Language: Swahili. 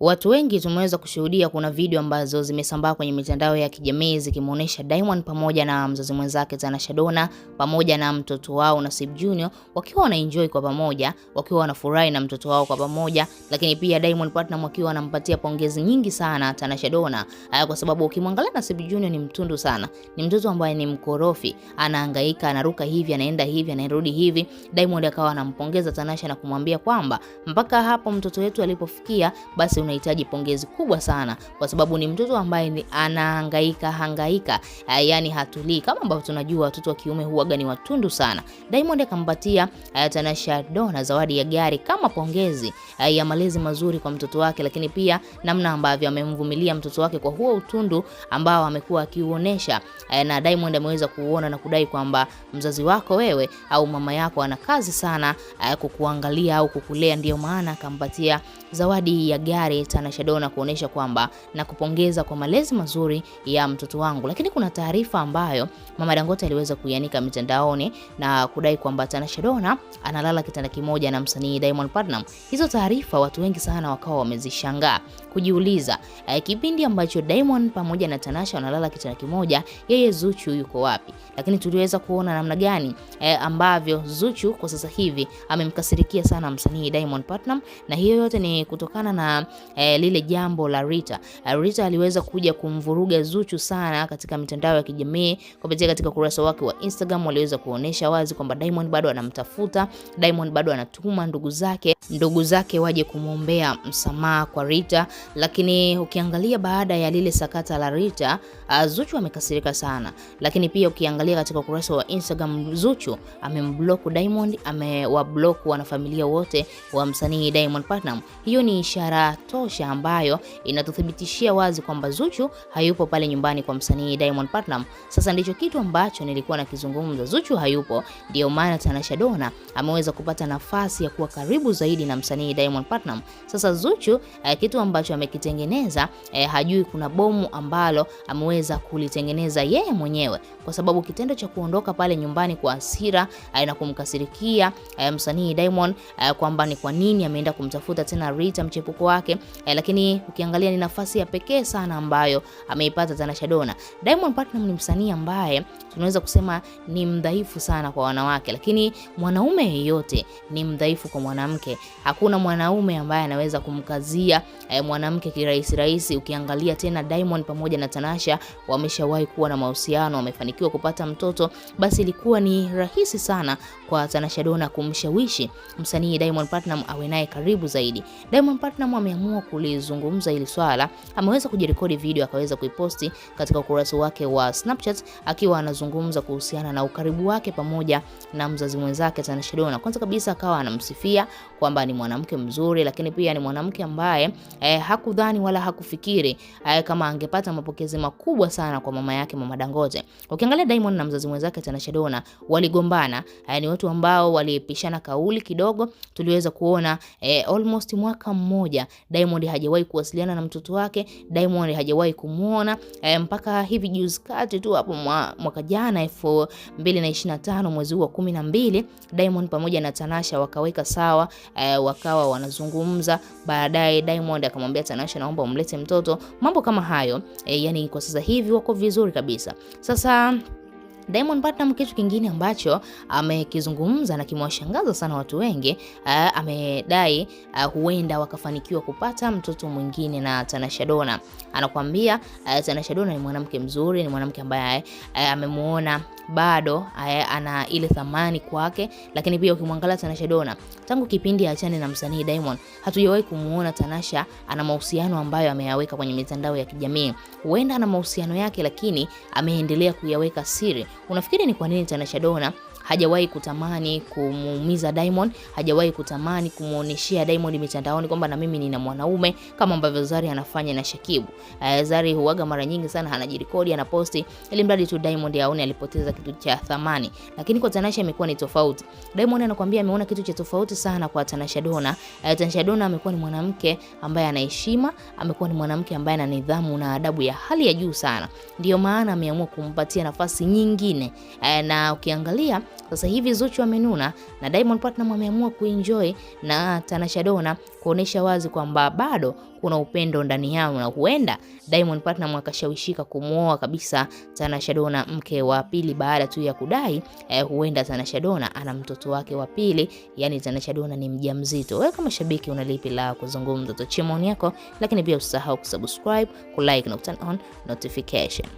Watu wengi tumeweza kushuhudia kuna video ambazo zimesambaa kwenye mitandao ya kijamii zikimuonesha Diamond pamoja na mzazi mwenzake Tanasha Donna pamoja na mtoto wao Nasib Junior wakiwa wanaenjoy kwa pamoja, wakiwa wanafurahi na mtoto wao kwa pamoja, lakini pia Diamond Platnumz wakiwa anampatia pongezi nyingi sana Tanasha Donna. Haya kwa sababu ukimwangalia Nasib Junior ni mtundu sana. Ni mtoto ambaye ni mkorofi, anahangaika, anaruka hivi, anaenda hivi, anarudi hivi. Diamond akawa anampongeza Tanasha na kumwambia kwamba mpaka hapo mtoto wetu alipofikia basi unahitaji pongezi kubwa sana, kwa sababu ni mtoto ambaye anahangaika hangaika, eh, yani hatulii. Kama ambavyo tunajua watoto wa kiume huaga ni watundu sana. Diamond akampatia eh, Tanasha Dona zawadi ya gari kama pongezi eh, ya malezi mazuri kwa mtoto wake, lakini pia namna ambavyo amemvumilia mtoto wake kwa huo utundu ambao amekuwa akiuonesha, na Diamond ameweza kuona na kudai kwamba mzazi wako wewe au mama yako ana kazi sana kukuangalia au kukulea, ndio maana akampatia zawadi ya gari pale Tanasha Dona kuonesha kwamba na kupongeza kwa malezi mazuri ya mtoto wangu. Lakini kuna taarifa ambayo mama Dangote aliweza kuianika mitandaoni na kudai kwamba Tanasha Dona analala kitanda kimoja na msanii Diamond Platnumz. Hizo taarifa watu wengi sana wakawa wamezishangaa kujiuliza, eh, kipindi ambacho Diamond pamoja na Tanasha wanalala kitanda kimoja, yeye Zuchu yuko wapi? Lakini tuliweza kuona namna gani eh, ambavyo Zuchu kwa sasa hivi amemkasirikia sana msanii Diamond Platnumz, na hiyo yote ni kutokana na eh, lile jambo la Rita. Eh, Rita aliweza kuja kumvuruga Zuchu sana katika mitandao ya kijamii kupitia katika kurasa wake wa Instagram, waliweza kuonesha wazi kwamba Diamond bado anamtafuta, Diamond bado anatuma ndugu zake ndugu zake waje kumwombea msamaha kwa Rita. Lakini ukiangalia baada ya lile sakata la Rita, eh, Zuchu amekasirika sana, lakini pia ukiangalia katika ukurasa wa Instagram Zuchu amemblock Diamond, amewablock wanafamilia wote wa msanii Diamond Platnumz. Hiyo ni ishara to kutosha ambayo inatuthibitishia wazi kwamba Zuchu hayupo pale nyumbani kwa msanii Diamond Platinum. Sasa ndicho kitu ambacho nilikuwa nakizungumza, Zuchu hayupo, ndio maana Tanasha Dona ameweza kupata nafasi ya kuwa karibu zaidi na msanii Diamond Platinum. Sasa Zuchu eh, kitu ambacho amekitengeneza eh, hajui kuna bomu ambalo ameweza kulitengeneza yeye mwenyewe, kwa sababu kitendo cha kuondoka pale nyumbani kwa hasira eh, na kumkasirikia eh, msanii Diamond eh, kwamba ni kwa nini ameenda kumtafuta tena Rita mchepuko wake eh, lakini ukiangalia ni nafasi ya pekee sana ambayo ameipata Tanasha Dona. Diamond Platnumz ni msanii ambaye tunaweza kusema ni mdhaifu sana kwa wanawake, lakini mwanaume yeyote ni mdhaifu kwa mwanamke. Hakuna mwanaume ambaye anaweza kumkazia eh, mwanamke kirahisi rahisi. Ukiangalia tena Diamond pamoja na Tanasha wameshawahi kuwa na mahusiano, wamefanikiwa kupata mtoto, basi ilikuwa ni rahisi sana kwa Tanasha Dona kumshawishi msanii Diamond Platnumz awe naye karibu zaidi. Diamond Platnumz ameamua ameamua kulizungumza hili swala, ameweza kujirekodi video akaweza kuiposti katika ukurasa wake wa Snapchat akiwa anazungumza kuhusiana na ukaribu wake pamoja na mzazi mwenzake Tanasha Donna. Kwanza kabisa akawa anamsifia kwamba ni mwanamke mzuri, lakini pia ni mwanamke ambaye eh, hakudhani wala hakufikiri eh, kama angepata mapokezi makubwa sana kwa mama yake mama Dangote. Ukiangalia Diamond na mzazi mwenzake Tanasha Donna waligombana, eh, ni watu ambao walipishana kauli kidogo, tuliweza kuona eh, almost mwaka mmoja Diamond hajawahi kuwasiliana na mtoto wake, Diamond hajawahi kumuona e, mpaka hivi juzi kati tu hapo mwaka jana 2025 mwezi wa 12, Diamond pamoja na Tanasha wakaweka sawa e, wakawa wanazungumza. Baadaye Diamond akamwambia Tanasha, naomba umlete mtoto, mambo kama hayo e, yani kwa sasa hivi wako vizuri kabisa sasa Diamond Platnumz, kitu kingine ambacho amekizungumza na kimewashangaza sana watu wengi, uh, amedai huenda wakafanikiwa kupata mtoto mwingine na Tanasha Donna. Anakuambia Tanasha Donna ni mwanamke mzuri, ni mwanamke ambaye uh, amemuona bado ana ile thamani kwake, lakini pia ukimwangalia Tanasha Donna tangu kipindi aachane na msanii Diamond, hatujawahi kumuona Tanasha ana mahusiano ambayo ameyaweka kwenye mitandao ya kijamii. Huenda ana mahusiano yake, lakini ameendelea kuyaweka siri. Unafikiri ni kwa nini Tanasha Dona hajawahi kutamani kumuumiza Diamond, hajawahi kutamani kumuoneshea Diamond mitandaoni kwamba na mimi nina mwanaume kama ambavyo Zari anafanya na Shakibu. Uh, Zari huaga mara nyingi sana anajirekodi, anaposti ili mradi tu Diamond aone alipoteza kitu cha thamani. Lakini kwa Tanasha imekuwa ni tofauti. Diamond anakuambia ameona kitu cha tofauti sana kwa Tanasha Dona. Uh, eh, Tanasha Dona amekuwa ni mwanamke ambaye ana heshima, amekuwa ni mwanamke ambaye ana nidhamu na adabu ya hali ya juu sana. Ndio maana ameamua kumpatia nafasi nyingine. Uh, na ukiangalia sasa hivi Zuchu amenuna na Diamond Platnumz ameamua kuenjoy na Tanasha Donna kuonesha wazi kwamba bado kuna upendo ndani yao, na huenda Diamond Platnumz akashawishika kumwoa kabisa Tanasha Donna, mke wa pili, baada tu ya kudai eh, huenda Tanasha Donna ana mtoto wake wa pili, yani Tanasha Donna ni mjamzito. Wewe kama shabiki una lipi la kuzungumza? Tochia maoni yako, lakini pia usisahau kusubscribe, kulike na turn on notification.